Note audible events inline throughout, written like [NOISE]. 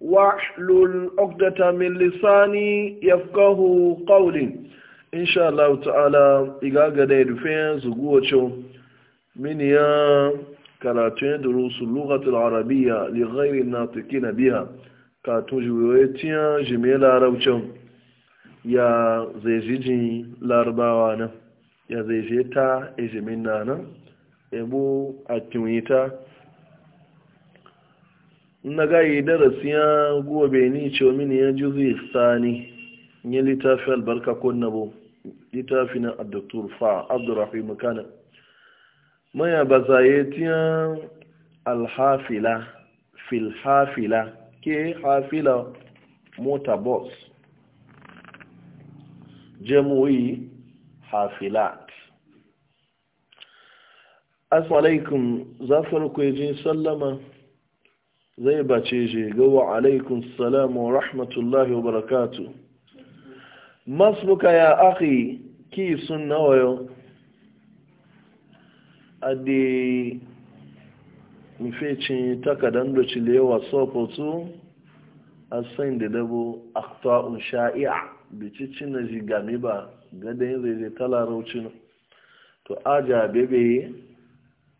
Wa lula ogata min lissani yafkahu kawuɗi. Insha'Allah na ta'ala iga ganin da ya fi fahimtar zuciyar da ya wuce ba. Mun yi karatun ya durow su Luka ta Larabiyya, lihayri na tsaki na biya. Ka tunanin yawancin jima'i ya rabu can. larabawa ne, ya zazajen ta ya zama na, ya na gayi darasi ya gobe ni ce mini ya juzi sani ya littafi albarka ko nabo littafi na abdoktor fa abdurrahim makana maya ba zaye tiya alhafila filhafila ke hafila mota bus jamu'i hafilat asalaikun za farko ji sallama zai bace shi gawa alaikun salamu wa rahmatullahi wa barakatu masbuka ya aki ki sun a adi mfecin takadan da cilewa sofotu a sain da dabo akta'un sha'i'a ci na jigami ba gadayin zai zai talaraucin to aja bebe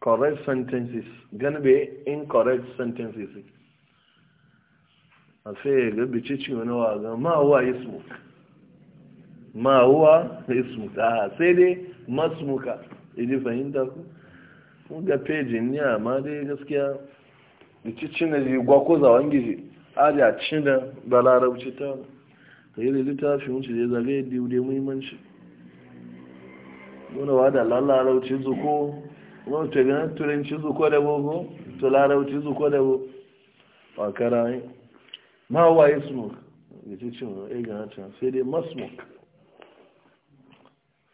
correct sentences gonna be incorrect sentences afe ga bicici wani wa ga ma huwa ismuk ma huwa ismuk ah sai dai masmuka idi fahimta ku kun page ni ama de gaskiya bicici ne ji gwa ko za wangi ji aja cina da larabci ta sai da littafi mun ci da zagaye diu da muhimmanci wani wa da lalarauci zuko wọ́n tẹ̀ gan turanci su ko da boko to larauci su ko da boko ba kara yi ma waye smoke ga ci cin e gan ta sai dai ma smoke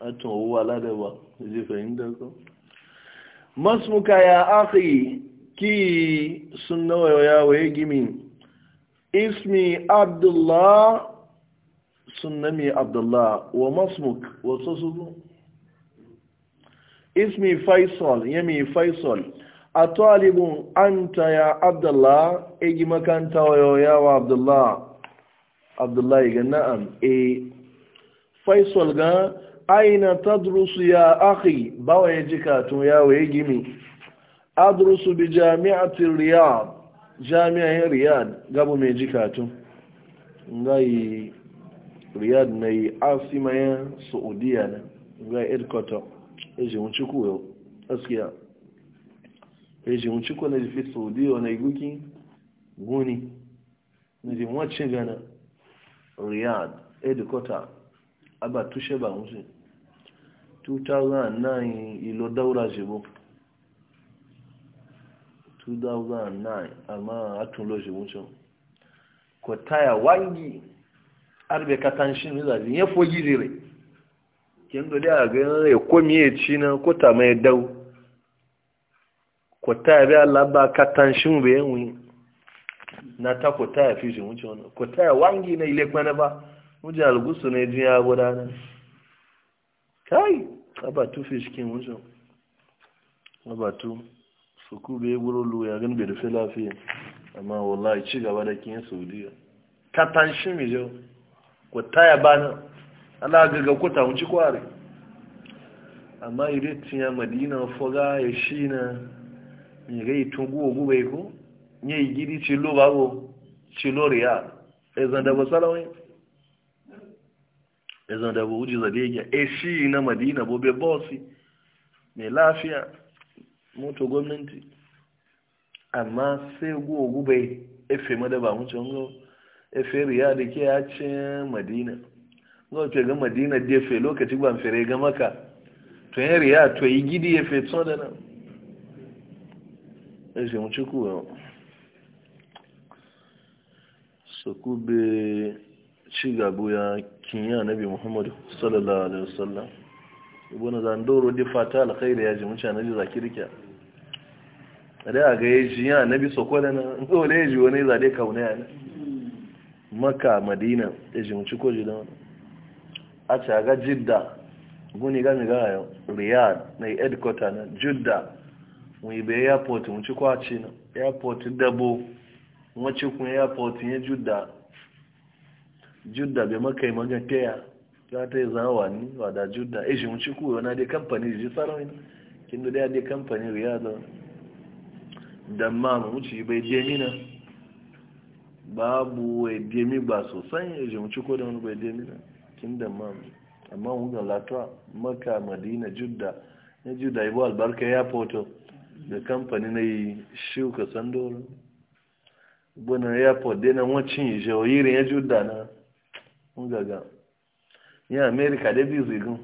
a tun wuwa lada ba ji fahimta ko ma sun na ya waye gimi ismi abdullah sunnami abdullah wa masmuk wasu su ismi faisal yami faisal a talibin anta ya abdullah igi makanta wayoya wa abdullah abdullah ga na'am e faisal ga aina tadrusu ya akhi ba wa jika tun yawo ya gimi adrusu bi jami'atin riyad jami'ar riyad ngai riyad na asimaya asimayen saudiya ngai eji wuce koyo gaskiya eji wuce ko na jifi saudiya na iguki guni na jin wacce gana riyadh edukota aba tushe ba wuce 2009 ilo daura jibo 2009 amma atun lo jibo wuce ko taya wangi arbe katanshin zaji ya fogi zire kin dole a ga ya komi ya ci na ko ta mai dau ko ta bi Allah ba ka shi mu bayan na ta ko ta fi shi mu ko ta wangi na ile kwana ba mu ji algusu ne ji ya gudana kai abatu fi shi kin ji abatu tu su ku be guru lu ya gan be da lafiya amma wallahi ci gaba da kin Saudiya ka tan shi mi ko ta ya bana Allah ga ga kuta mu kware amma iretin ya madina foga ya shi na mirai tun guwa guba iko ya yi gidi cilo babu cilo riya ya zanda ba salawai ya zanda ba wuji zabe ya e shi na madina bobe bosi, mai lafiya moto gwamnati amma sai guwa guba efe mada ba mutu wani efe riya da ke ya ce madina ga wace ga madina jefe lokaci ban fere ga maka to yin riya to yi gidi ya feto da na. ya ce muci kuwa su kube ci gabu ya kinya nabi muhammadu sallallahu alaihi wasallam ibn zandoro di fata alkhairi ya ji mutane ji zaki rike da ga ya ji ya nabi sokola na dole ya ji wani zade kauna ya maka madina eji ji muci ko ji da wani a jidda guni gami gayo riyad na edkota na judda wibe airport wuce kwaci airport dabo wace airport ya judda judda bai makai magantaya za ta yi zawa ni wa da judda ishi wuce kuwa na dai kamfani ji sarawin kin da dai dai kamfani riyad da ma mu wuce bai je na babu wai je mi ba sosai ishi wuce ko da wani bai je na kin da ma mu amma wugan latuwa maka madina judda na judda ibo albarka ya foto da kamfani na yi shuka sandoro gbona ya foto na yi jawoyirin ya judda na wugaga ni amerika da bi zigun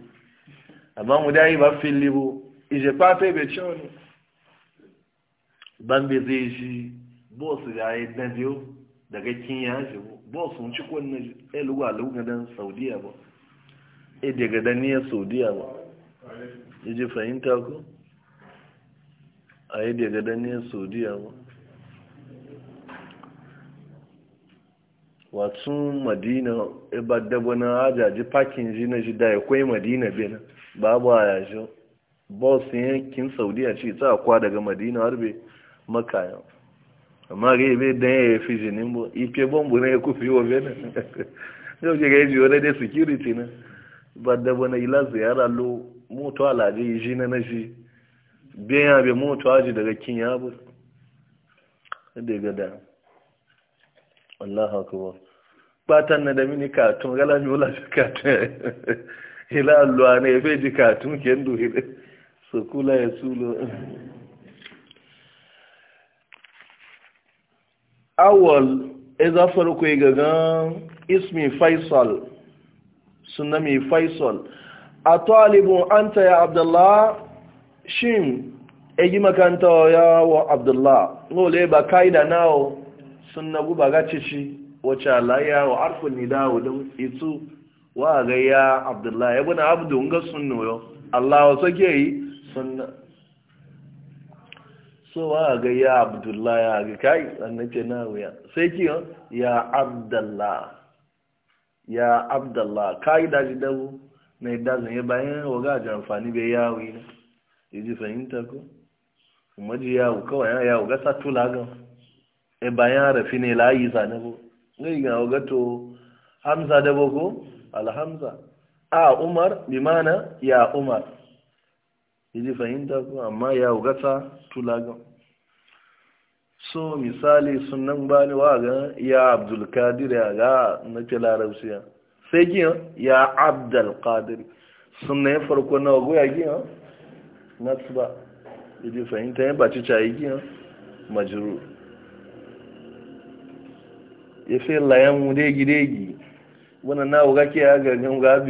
amma mu da yi ba fili bu ije pafe bai cewa ban bai zai shi bosu ga yi dan biyu daga kinyar shi bosu ci kwanan a lugadan saudiya ba e daga daniyar saudiya ba ya ji fahimta ku a yi daga daniyar saudiya ba watsun madina eh, ba na ajaji pakin ji na ji da ya kwai madina benin babu a yashin bus yankin saudiya ce ta kwa daga madina harbe makaya makayan amma ga ibe dan ya yi fijinin bo ife bombu na ya kufi wa benin [LAUGHS] yau ce ga yi jiyo na dai security na ba da wani ila ziyara lo moto alaje ji na na ji biyan be moto aji daga kin ya bu da ga da Allah akbar batan na da mini katun gala mi wala katun ila alwa ne efe ji katun [LAUGHS] ken ndu hide so kula ya sulo awal idan farko gagan ismi faisal suna mai faisal a talibin an ta ya abdullah shin egi makanta ya wa abdullah nole ba kaida nawo suna guba gacici wacce alaya wa arfin nidawo don itu wa ga ya abdullah ya guna abu dunga sunna yau allah wa sake yi sunna so wa ga ya abdullah ya ga kai annace nawo ya sai ki ya abdullah ya abdallah ka yi daji dabu na yi dazin ya bayan waga a amfani bai yawo yi ya ji fahimta ko kuma ji yawo kawai ya yawo gasa tula gan ya bayan rafi ne layi zane ko ngai ga waga to hamza dabo ko alhamza a umar bi mana ya umar ya ji fahimta ko amma yawo gasa tula gan so misali sunan bani wa ga ya abdul kadir ya ga na ce larabciya sai gina ya abdul kadir sunan ya farko na wago ya giyan na tuba idi fahimta ya baci cayi giyan majiru ya fi layan mu degi degi wani na waga ke ya gargan ga [LAUGHS]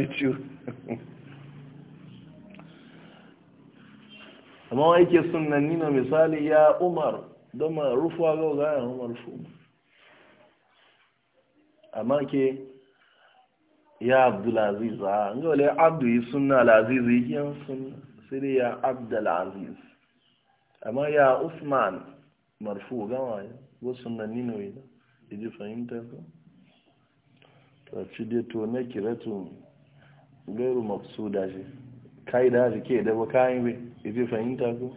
amma wa yake sunan nina misali ya umar don marufu a gau gaya hun marufu amma ke ya abdulaziz a ga wale abdu yi suna alaziz yi yan suna sai dai ya abdulaziz amma ya usman marufu gama ya wasu na nino yi da ji fahimtar ka ta ci dai to na kiratu gairu da shi kai da shi ke da ba kayan bai ya fahimta ko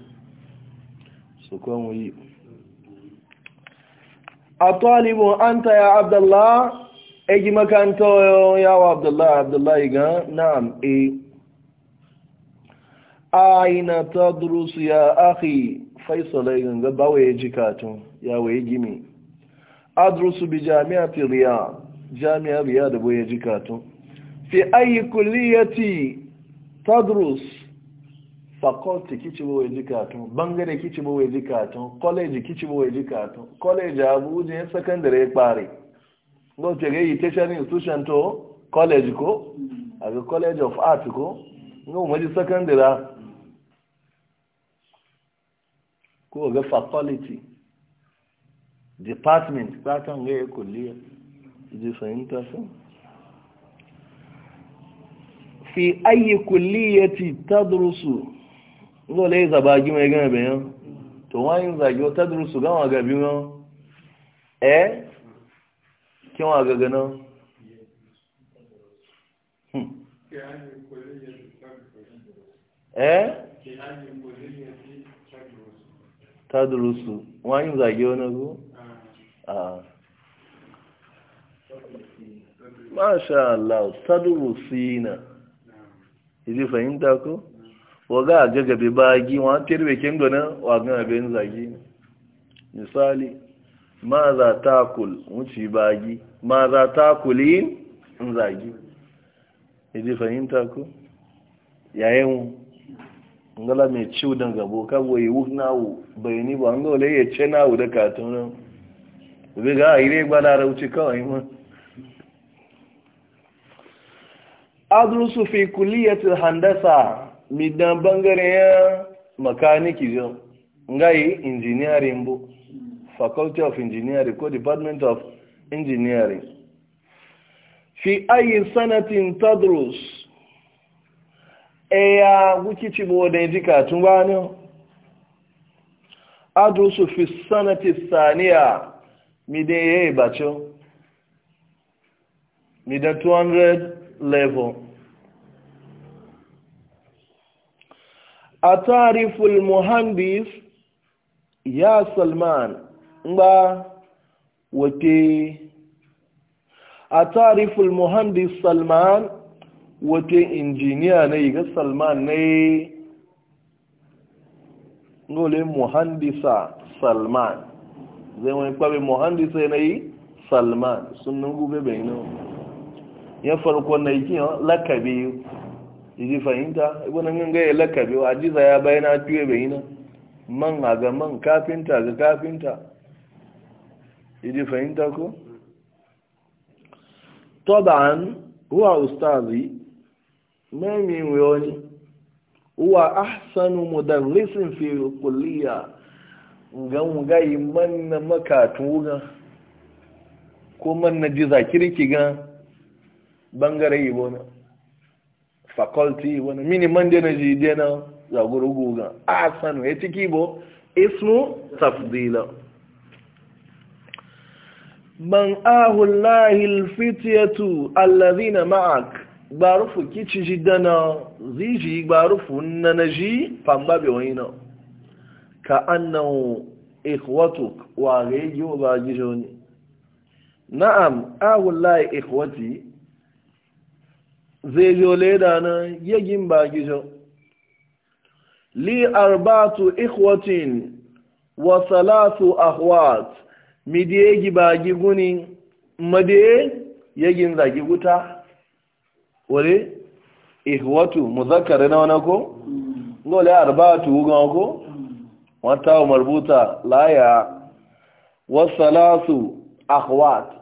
su kwan أطالب أنت يا عبد الله اجي تو يا عبد الله عبد الله يقى نعم اي أين تدرس يا أخي فيصل يقى باوي يجي كاتو يا ويجي مي أدرس بجامعة الرياض جامعة الرياض بوي يجي كاتو في أي كلية تدرس faculty kici bawai jikatun bangare kici bawai jikatun college kici bawai jikatun college abuja ya secondary ya kpare gote ga yi tertiary institution to college ko aga college of art ko nga umaji secondary ko ga faculty department katon ga ya kulliya ji fahimta sun fi ayi kulliyati tadrusu ngole zabagi mai gane bayan to wani zagi wata duru su gama ga biyu e kin wa ga eh ta duru su zagi e? wani hmm. e? go a masha Allah fahimta ko Wa waga gagabe bagi wa tirbe kingo wa wagan bayan zagi misali ma za ta kul wuce bagi ma za ta kulin in zagi idi fahimta ku yayin ngala mai ciwo dan gabo ka boye wunawo bayani ba ngo le ya ce nawo da katun ubi ga ire gbada wuce kawai ma adrusu fi kulliyatil handasa midan bangare ya makaniki yau ngayi engineering bu faculty of engineering ko department of engineering fi ayi sanatin tadrus eya wukici bu wadda ji katun bani adrusu fi sanati saniya midan yayi bacin midan 200 level atariful muhandis ya salman ba wate atariful muhandis salman wate injiniya ne ga salman ne nole muhandisa salman zai wani kwabe muhandisa ne salman sun nungu bebe ne ya farko na ikiyar lakabi iji fahimta ibunan yin gaya lakabe wa ajiza ya bayana fiye bayina man a ga man kafinta ga kafinta iji fahimta ko? طبعا هو أستاذي ما يميوني هو أحسن مدرس في الكلية gan gayi manna makatu ga ko man na jiza kirki ga bangare yibona faculty wani mini mande na jide na ga asanu ya ciki bo ismu tafdila man ahullahi fitiyatu allazina ma'ak gbarufu kici dana ziji barufu na naji pamba wani na. ka annan ikwatu wa ghayyu ba jijoni na'am lahi ikwati. zai jo leda na yagin ba gijo li arbatu ikhwatin wa salatu ahwat midiye gibagi guni madiye yagin zagi guta wale ihwatu muzakkar na wani ko ngole arbatu wugan ko wata marbuta laya wa salatu ahwat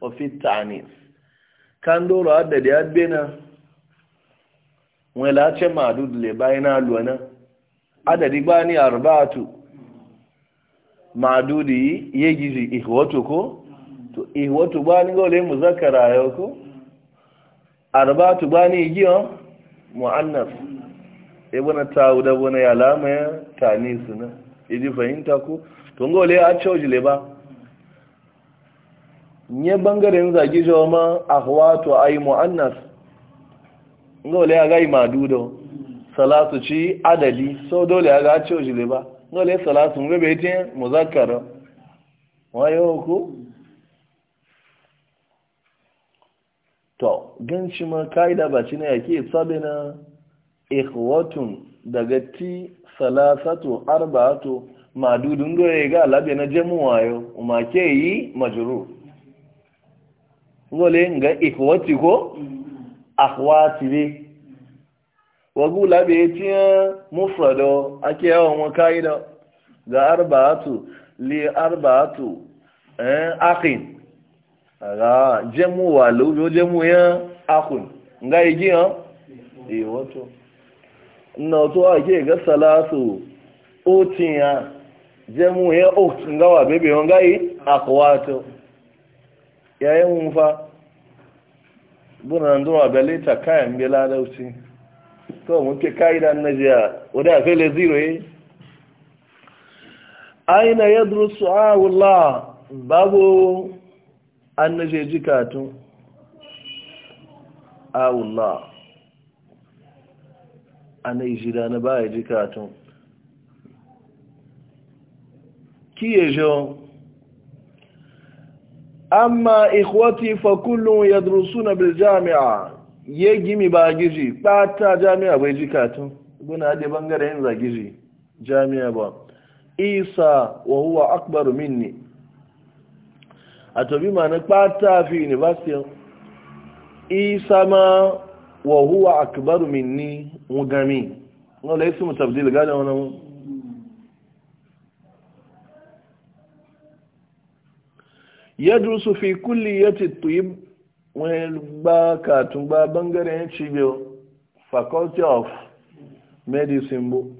wa ta'ani ta'anis kan doro adda da yadda na wani lace ma'adud le bayan alwana adadi ba ni arba'atu ma'adudi ya gizi ihwatu ko to ihwatu bani ni gole mu zakara yau ko arba'atu ba ni giyan mu'annas ibn tawud ibn yalama tanis na idi fahimta ko to ngole a chojile ba nye bangaren zagi jawo ma ahwatu ay muannas ngole aga imadudo salatu ci adadi so dole aga ci ojile ba ngole salatu ngebe tin muzakkar wayo ku to ganci ma kaida ba ci ne yake sabina ikhwatun daga ti salasatu arba'atu madudun dole ga labe na jamu wayo umake yi majrur ngole nga ikwati ko akwati be wagula be tiya mufrado ake yawon wakaida ga arba'atu li arba'atu eh akin aga jemu wa lo jemu ya akun nga igi ha e wato na to ake ga salatu otiya ya ot nga wa bebe nga akwato yayin wufa bunan duwa belita kayan bela lauci to muke ka'idan na jiya wadda fele zero yi eh. aina ya durusu awula babu an na je jikatun awula a na ijida na baya jikatun kiye jiyon amma ikhwati fa kullum yadrusuna bil jami'a ya gimi ba giji bata jami'a bai jikatun guna da bangaren zagizi jami'a ba isa wa huwa akbar minni a tobi ma na bata fi university isa ma wa huwa akbar minni mugami wala ismu tabdil gada wannan su fi kulliyati tuyib yi ba katun ba Bangare bangaren cibiyar faculty of medicine bu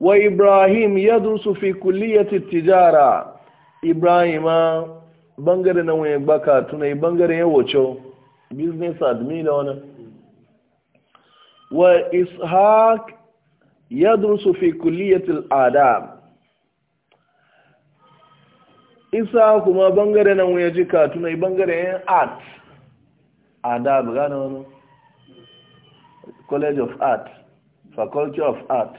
wa ibrahim su fi ya kulliyati tijara ibrahima bangare na wani ba katun yi bangare ya wacce business admin da wani wa ishaq su fi ya al'adab isa kuma bangare nan ya ji katuna bangare yan art adab gane wani college of art faculty of art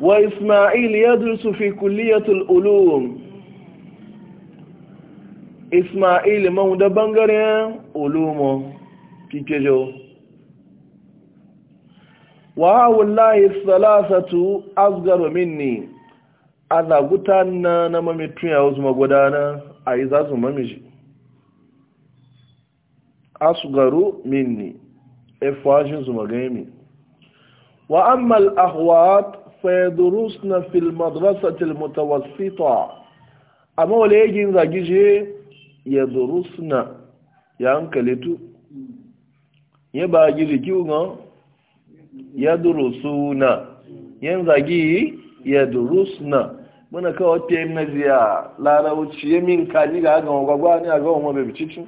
wa ismail yadrusu fi kulliyatul ulum ismail man da bangare ulumo kikejo wa wallahi salasatu asgaru minni a zaguta na na mamitun yawon su magudana a yi za su mamiji a su garu minni efwashin su magami wa ahuwat ahwat faidurus na filmadrasatil mutawassita a mawalegin zagije ya durus na ya hankalitu ya ba gizi kiwon ya durusu na yin zagi ya durus na muna kawo te na ziya larauci ya min kani ga aga wa gwagwa ne aga wa mabe bicicin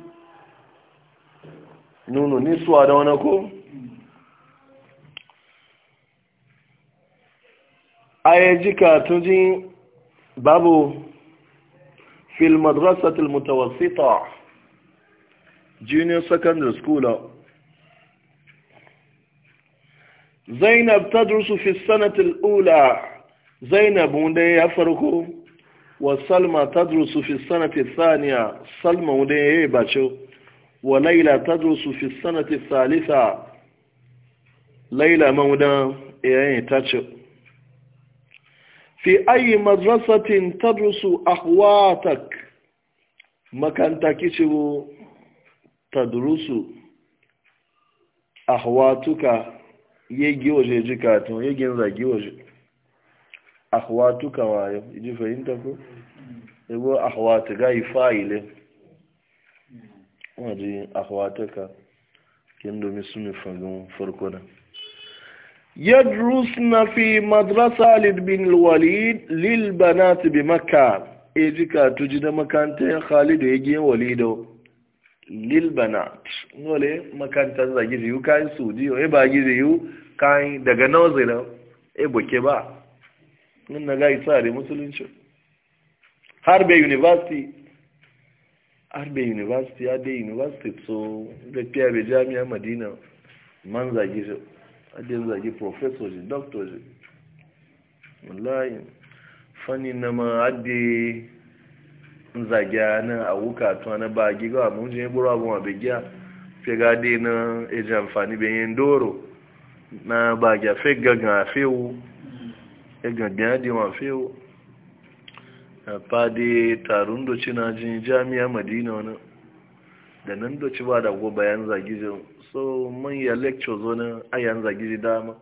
nunu ni suwa da wani ko ji jika tuji babu fil madrasatil mutawassita junior secondary school zainab ta durusu fi sanatil ula zainabu da ya farko wa salma tadrusu fi sanati thaniya salma da ya yi bacho wa laila tadrusu fi sanati thalitha laila mauda ya yi tacho fi ayi madrasatin tadrusu ahwatak makanta kicibu tadrusu ahwatuka yegi waje jikatun yegin zagi waje akhwatuka wayo iji fahimta ko yabo akhwatu ga ifa'ile wadi akhwatuka kin domin sun fagun farko da na fi madrasa Khalid bin Walid lil banat bi ji k'a tuji da makanta ya yage Walido lil banat nole makanta zagi yu kai diyo e ba gizi yu kai daga nawzira e boke ba nan na gai tsare musulunci harbe university harbe university ya dai university so da fiya bai jami'a madina man zage shi adin zage professor ji doctor ji wallahi fani na ma adi zagiya na a wuka to na ba giga mun jini buru abun giya fiye ga dai na eji amfani bayan doro na ba ga fe a fewu gaggaya da mafiyo a fadi taron doci na jini jami'a madina wani da nan doci ba da go bayan zagijin so manya lecture zo na ayan zagiji dama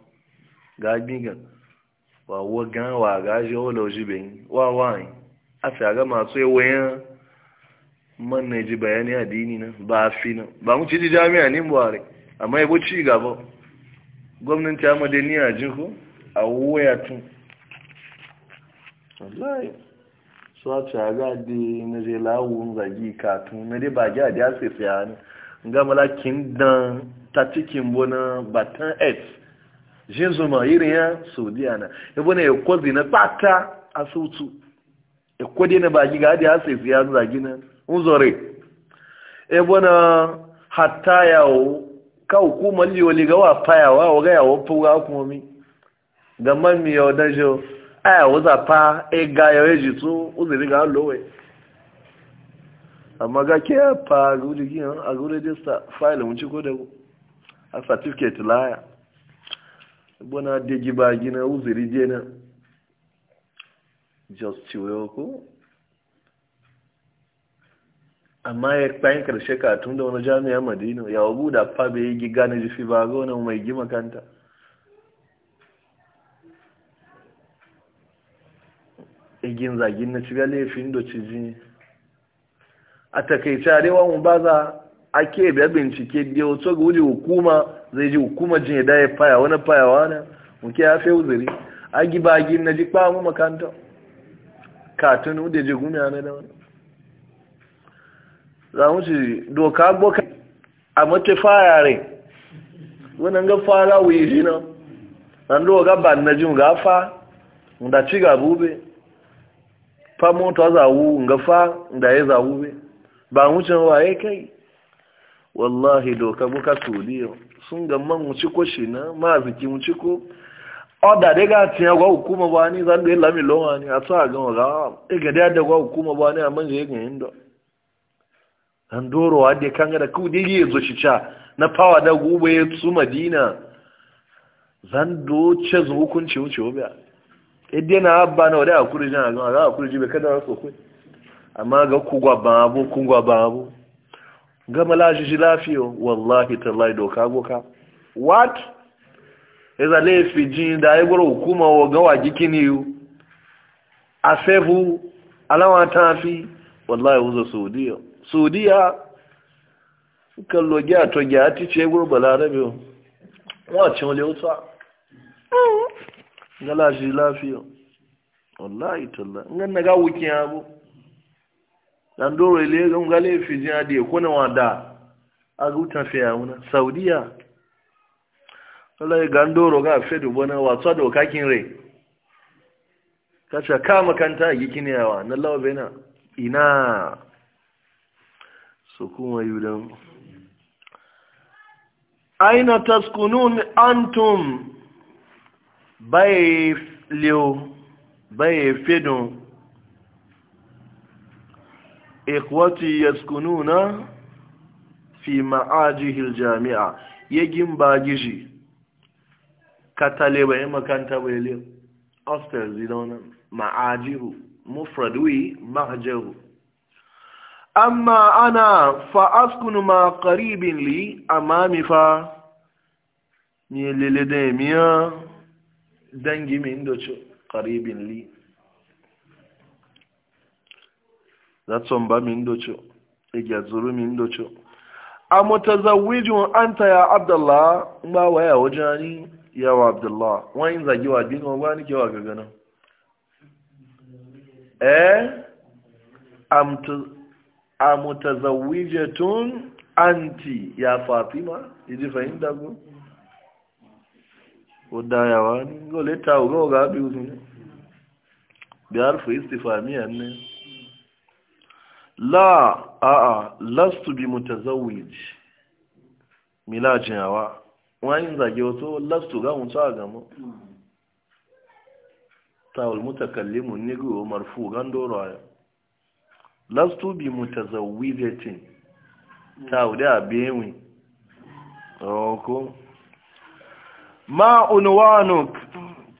ga gigan wa wagan wa ga shi wala oji bin wa wani a fi aga masu yawayen man na ji bayani addini na ba a fi na ba mu ci ji jami'a ne buhari amma yabo ci gaba gwamnati amadaniya a jinku a waya tun wallahi su a caga da na je lawun zagi katun na dai ba gya da ya sai saya ne ga malakin dan ta cikin bona batan x jin zuma irin ya saudiya na ibo na ya kwazi na bata a sautu ya kwade na ba giga da ya sai saya zagi na unzore ibo na hatta yawo ka hukumar liyo ligawa fayawa wa ga yawo fuga kuma mi ga man mi yau da jo aya eh, wuza pa ega ya weji tu uzuri ga amma kí pa guri gi a guri dista fáìlì tí kò a certificate laya bona de ó gina rí je na just ci wayo ko amma tun da wani jami'a madina ya wabu da fa bai yi giga na jifi ba ga mai e gima kanta igin zagi na ci ga fi ndo ci ji a takaice arewa mu ba za a ke biya bincike da wato ga wuri hukuma zai ji hukuma jin ya daya faya wani faya wani muke ya fi uzuri a giba agin na ji kpa mu makanta katun da ji gumi na da wani za mu ci doka boka a mace faya rai wannan ga fara wuyi shi nan an doka ban na jin gafa da ci gabu bai fa moto azawu nga fa da be ba wucin waye kai wallahi doka buka tudiyo sun ga man wuci shi na ma ziki wuci ko oda de ga tiya gwa hukuma ba ni zan da lami lowa ni a sa ga ga e ga da da gwa hukuma ba ni amman je ga indo an doro wa de kanga da ku de ye zo shi cha na pawa da gube su madina zan do ce zo hukunci wuce idai na abba na wadai a kurji na zama za a kurji bai kada wasu kwai amma ga kugwa ban abu kugwa ban abu gama lajiji lafiyo wallahi tallahi doka goka what eza laifi jin da ya gwara hukuma wa gawa jikin yiwu a fefu alawa ta fi wallahi wuzo saudiya saudiya kallo gya to gya ti ce gurba larabe wa cin wale wuta ngala shi lafiya wallahi talla ngan naga wuki abu dan doro ile ga ngale fi jin ade ko na wada a gutan fi yawuna saudiya wallahi gandoro ga do bona watsa do kakin re kacha kama kanta yikini yawa na lawa bena ina so kuma yudan aina taskunun antum báyìí lé o báyìí fẹ́dùn ikwati yaskununa fi ma'ajihil jami'a yagin ba gishi katale bai makanta bai le hostel zidona ma'ajihu mufradwi amma ana fa askunu ma qaribin li amami fa ni lele da miya dangi min docho karibin li zatsomba min docho igyazuru min docho a mutazawijin anta ya abdullah ba waya wajani yawa abdullah wani zagi wa bin wani kewa gagana eh a mutazawijatun anti ya fatima idi fahimta ku udayawa ni gole ta ugo ga bi uzun bi harfu istifhamiya ne la a a lastu bi mutazawwij milajin yawa wani zage wato lastu ga mun sa ga mu tawul mutakallimu ni go marfu gan doro aya lastu bi mutazawwijatin tawda biwi ko ma unwanuk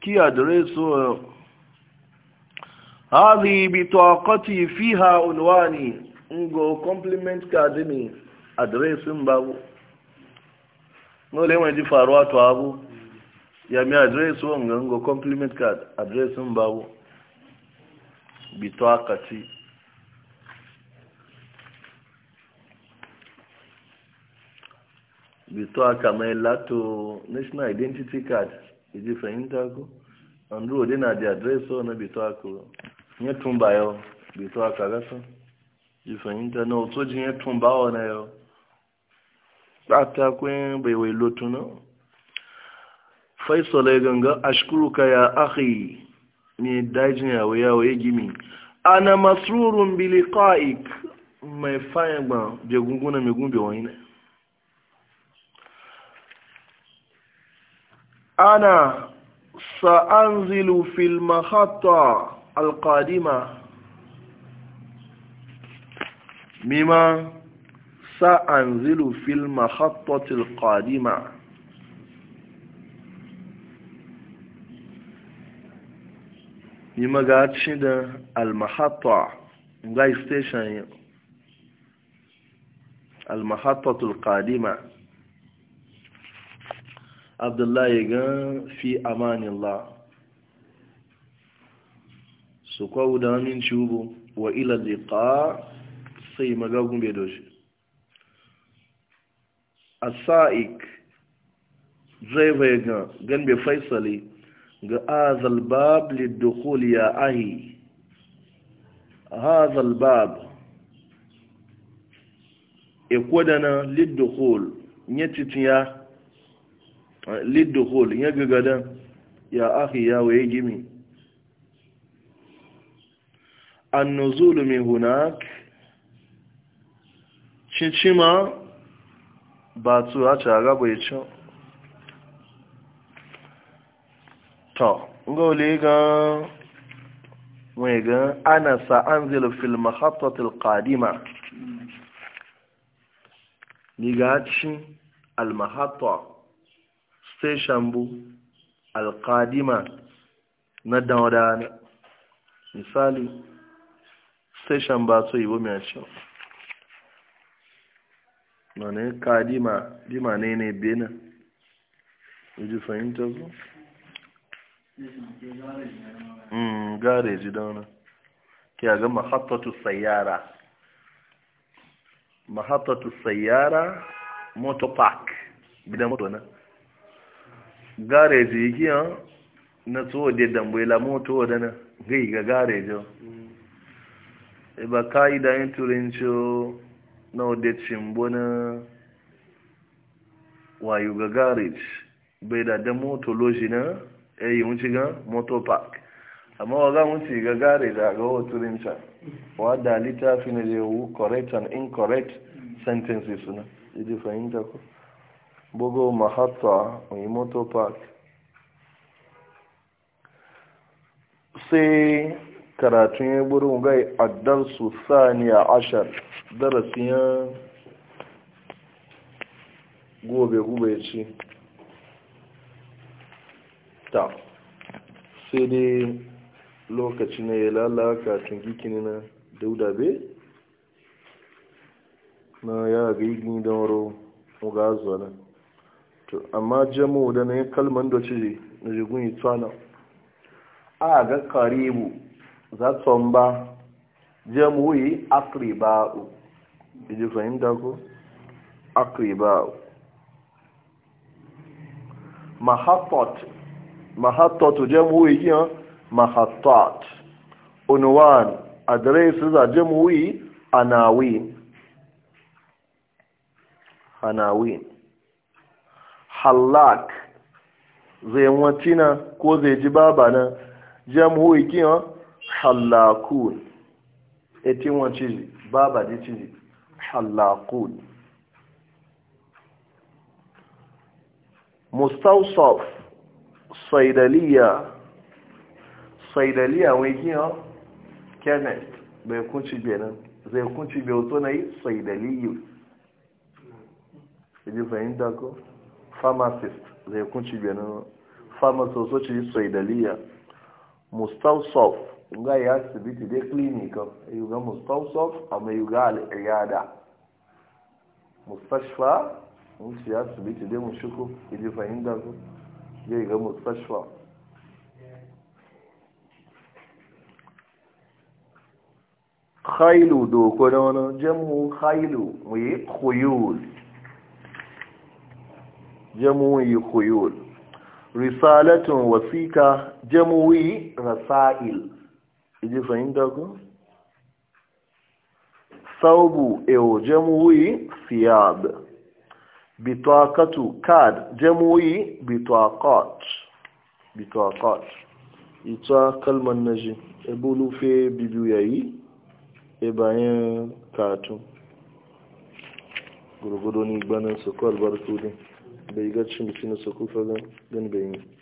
ki adresu hadhi bitaqati fiha unwani ngo compliment card ni address no ngole mwe faru watu abu ya mi address wonga ngo compliment card address mbabu bitaqati bito aka mai lato national identity card iji fahimta ko an ruwa dina da adres o na bito aka ya tumba yau bito aka gasa ji fahimta na otu jin ya tumba wa na yau tsata kun bai wai lotu na faisal eh, ganga ganga ashkuruka ya akhi ne dajin yawo yawo ya gimi ana masrurun bi liqa'ik mai fayin gban bi gunguna mai gumbe wani ne ana sa'anzilu fil mahatta alƙadima mima sa'anzilu fil mahatta alƙadima mima ga ci da almahatta ga station almahatta qadima abdullahi gan fi amanillah su kwawu da hannun hubu wa ila zika sai magagun bai doshi a sa'ik zai bai gan gan bai faisali ga azal bab lidukul ya ahi hazal bab ikwadana lidukul ya titiya Ah, lidduhul ya gagadan ya ahi ya waye gimi annuzulu min hunak cincima ba tura cara bai cin ta gole gan mai gan ana sa'anzil fil mahattatul kadima. ni ga cin al-mahattatul sai shambu alƙadima na dawadana misali sai shamba so yi bomi a cewa mana kadima dima ne ne bena ji fahimta zo? ji hmm, dauna ke ga mahattatu sayara mahattatu sayara motopark bidan moto gareji yi na tso da dambe la moto wadana gai ga gareji e ba ka'ida yin turinci na wadda chimbo na wayo ga gareji bai da da moto loji na e yi ga moto park amma waga wunci ga gareji a ga wata wa wadda littafi na jewu correct and incorrect sentences na idi e fahimta ko bugo mahatta o moto park sai karatun ya burin gai addar su saniya ashar darasi ya gobe gube ce ta sai dai lokaci na ya lalata katun gikini na daudabe na ya gaigini don ro mu ga zuwa to amma jamu da na kalman da ci na jigun yi tsana a ga karibu za tson ba jamu yi akriba'u iji fahimta ko akriba'u mahatot mahatot jamu yi yan mahatot unwan adresi za jamu yi anawin anawin halak zai wanci na ko zai ji baba na jamhuri kiyan halakun etin wanci baba ji ci halakun mustausaf saidaliya saidaliya wai kiyan kenneth bai kunci benin zai kunci bai wato na yi saidaliyu ji fahimta ko? pharmacist zai kunci benin pharmacosoci soidaliya mustausof ga ya asibiti dai clinical yi ga mustausof a mai ga al'iyada mustashfa wuce ya asibiti dai mu shuku iji fahimta su zai ga mustashfa khailu doko da wani jamu khailu mu yi khuyul jamuwi khuyul risalatun wasika jamuwi rasail iji fahimta ku saubu ewo jamuwi siyab bitwakatu kad jamuwi bitwakat bitwakat ita kalmar naji ebulufe bibiyu yayi e bayan katun gurgudu ni gbanin su kwalbar tudin bai gaci mutu na sakufa gan bayin